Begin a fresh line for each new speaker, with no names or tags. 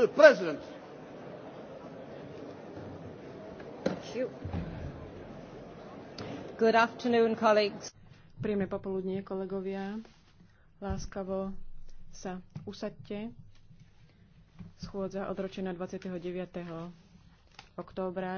the president.
Good afternoon, colleagues. Príjemné popoludnie, kolegovia. Láskavo sa usaďte.
Schôdza odročená 29. októbra